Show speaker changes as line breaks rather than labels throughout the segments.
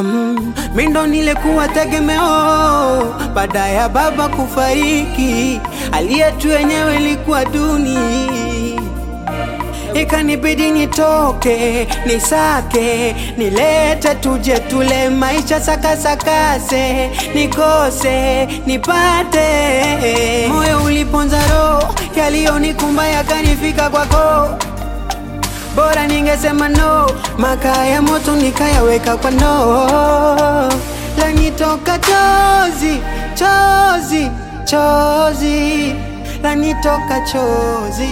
Mm, Mindo nilikuwa tegemeo baada ya baba kufariki, hali yetu yenyewe ilikuwa duni, ikanibidi nitoke nisake nilete tuje tule maisha sakasakase nikose nipate moyo uliponza roho yaliyonikumba yakanifika kwako bora ningesema no, makaa ya moto nikayaweka kwa no, lanitoka chozi chozi chozi, lanitoka chozi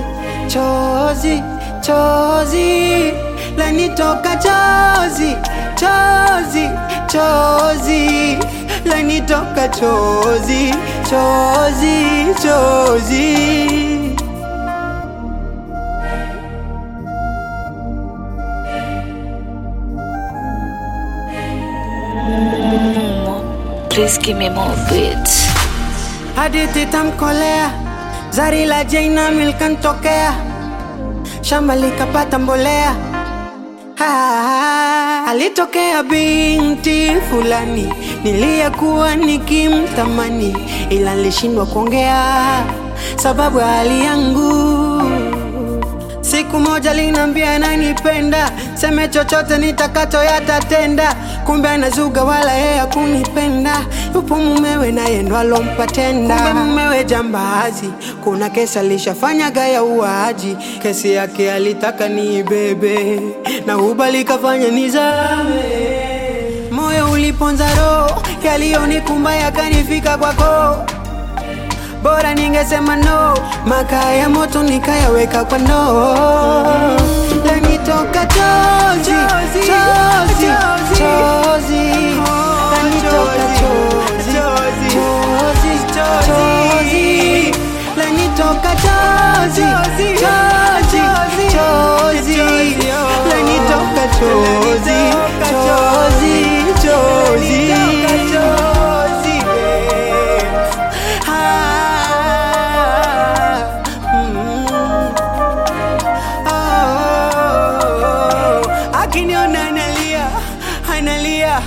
chozi chozi, lanitoka chozi chozi chozi, lanitoka chozi chozi chozi please give me more beats. Hadithi tamkolea, zari la jaina milkantokea, shamba likapata mbolea. Ha, alitokea binti fulani niliyekuwa nikimtamani, ila nilishindwa kuongea sababu hali yangu Siku moja linambia nanipenda seme chochote nitakacho yatatenda, kumbe anazuga wala yeye hakunipenda. Yupo mumewe naye ndo alompa tenda, kumbe mumewe jambazi. Kuna kesi alishafanyaga ya uaji, kesi yake alitaka niibebe na ubali kafanya nizame. Moyo uliponza roho, yaliyonikumba yakanifika kwako bora ningesema no, makaa ya moto nikayaweka kwa no akiniona analia, analia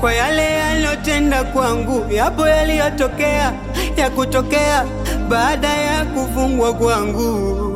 kwa yale aliyotenda kwangu, yapo yaliyotokea ya kutokea baada ya kufungwa kwangu.